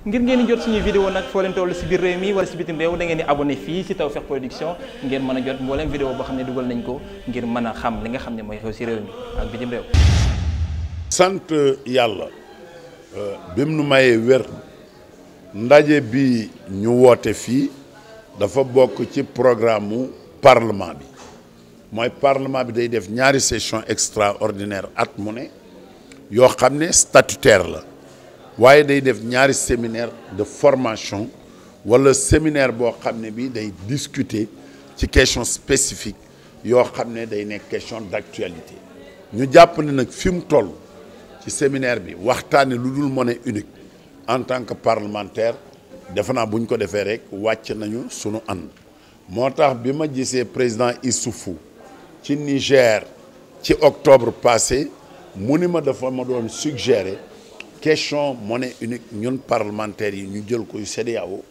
ngir ngeen di jot suñuy vidéo nag foo leen toll si biir réew mi wala si bitim réew da ngeen di abonné fii si Tawfekh Production ngeen mën a jot mbooleem vidéo boo xam ne dugal nañ ko ngir mën a xam li nga xam ne mooy xew si réew mi ak bitim réew sant yàlla euh, bi mu nu mayee wér ndaje bi ñu woote fii dafa bokk ci programme mu parlement bi mooy parlement bi day def ñaari session extraordinaire at mu ne yoo xam ne statutaire la waaye day def ñaari séminaire de formation wala séminaire boo xam ne bi day discuter ci question spécifique yoo xam ne day nekk question d'actualité ñu jàpp ne nag fi mu toll ci séminaire bi waxtaane lu dul monnaie unique en tant que parlementaire defe naa bu ko defee rek wàcc nañu sunu ànd moo tax bi ma gisee président Issoufou ci Niger ci octobre passé mu ni ma dafa ma doon suggérer question monnaie unique ñun parlementaires yi ñu jël koy CEDEAO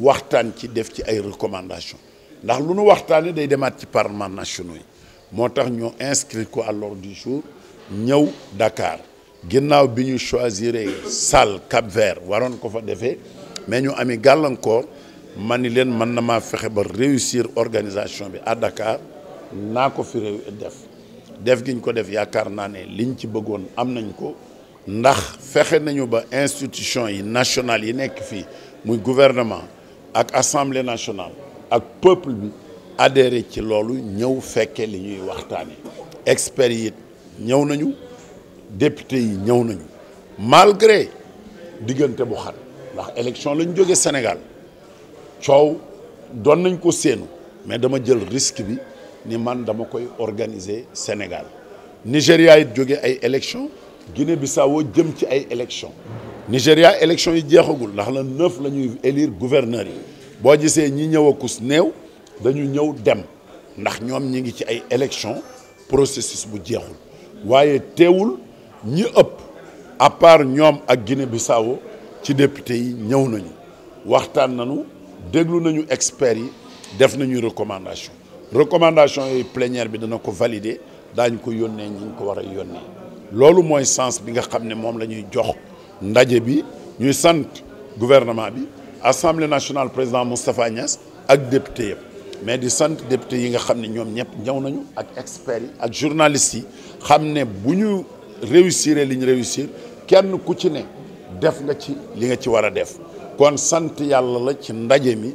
waxtaan ci def ci ay recommandation ndax lu nu waxtaanee day demaat ci parlement nationaux yi moo tax ñu inscrit ko à l'ordre du jour ñëw Dakar ginnaaw bi ñu choisir salle Cap-Vert waroon ko fa defee mais ñu ami gàllankoor ma ni leen mën na maa fexe ba réussir organisation bi à Dakar naa ko fi def def giñ ko def yaakaar naa ne liñ ci bëggoon am nañ ko. ndax fexe nañu ba institution yi nationale yi nekk fii muy gouvernement ak assemblée nationale ak peuple bi adhéré ci loolu ñëw fekke li ñuy waxtaan waxtaane experts yi ñëw nañu député yi ñëw nañu malgré diggante bu xat ndax élection lañ jóge Sénégal coow doon nañ ko séenu mais dama jël risque bi ni man dama koy organiser Sénégal Nigéria it jóge ay élection Guinée Bissau jëm ci ay élections Nigéria élections yi jeexagul ndax la neuf la ñuy élire gouverneurs yi boo gisee ñi ñëw a néew dañu ñëw dem ndax ñoom ñi ngi ci ay élections processus bu jeexul waaye teewul ñi ëpp à part ñoom ak Guinée Bissau ci député yi ñëw nañu waxtaan nañu déglu nañu experts yi def nañuy recommandation recommandation yooyu plénière bi dana ko valider daañu ko yónnee ñi ngi ko war a yónnee. loolu mooy sens bi nga xam ne moom la ñuy jox ndaje bi ñuy sant gouvernement bi assemblée nationale président Moustapha Niass ak député yëpp mais di sant député yi nga xam ne ñoom ñëpp ñëw nañu ak experts yi ak journalistes yi xam ne bu ñu réussir li ñu réussir kenn ku ci ne def nga ci li nga ci war a def kon sant yàlla la ci ndaje mi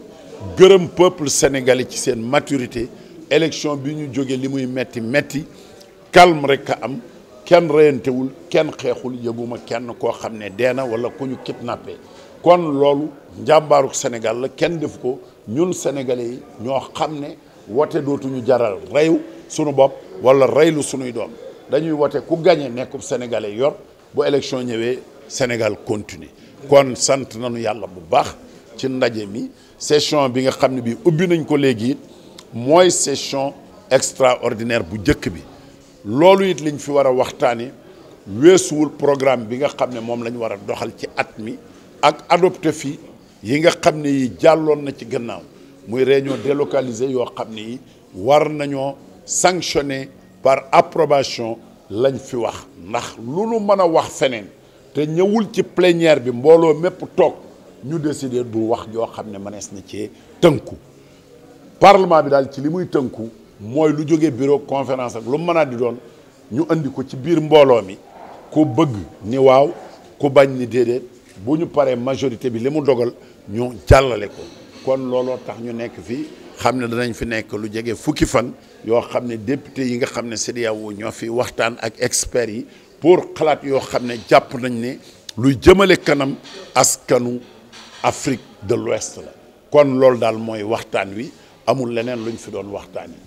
gërëm peuple sénégalais ci seen maturité élection bi ñu jógee li muy metti metti kalm rek a am kenn reyantewul kenn xeexul yëguma kenn koo xam ne dee na wala ku ñu kidnappé kon loolu njàmbaaruk Sénégal la kenn def ko ñun sénégalais yi ñoo xam ne wote dootuñu jaral reyu sunu bopp wala reylu sunuy doom dañuy wote ku gañe nekkub sénégalais yor bu élection ñëwee Sénégal continue kon sant nanu yàlla bu baax ci ndaje mi session bi nga xam ne bii ubbi nañ ko léegi it mooy session extraordinaire bu jëkk bi loolu it liñ fi war a waxtaani weesuwul programme bi nga xam ne moom lañ war a doxal ci at mi ak adopté fi yi nga xam ne yi jàlloon na ci gannaaw muy réunion délocalisée yoo xam ne yi war nañoo sanctionné par approbation lañ fi wax ndax lu nu mën a wax feneen te ñëwul ci plénière bi mbooloo mépp toog ñu décider du wax yoo xam ne mënees na cee tënku parlement bi daal ci li muy tënku mooy lu jóge bureau conférence ak lu mën a di doon ñu indi ko ci biir mbooloo mi ku bëgg ni waaw ku bañ ni déedéet bu ñu paree majorité bi li mu dogal ñu jàllale ko kon looloo tax ñu nekk fii xam ne danañ fi nekk lu jege fukki fan yoo xam ne député yi nga xam ne CEDEAO ñoo fi waxtaan ak experts yi pour xalaat yoo xam ne jàpp nañ ne luy jëmale kanam askanu Afrique de l'Ouest kon loolu daal mooy waxtaan wi amul leneen lu luñ fi doon waxtaan yi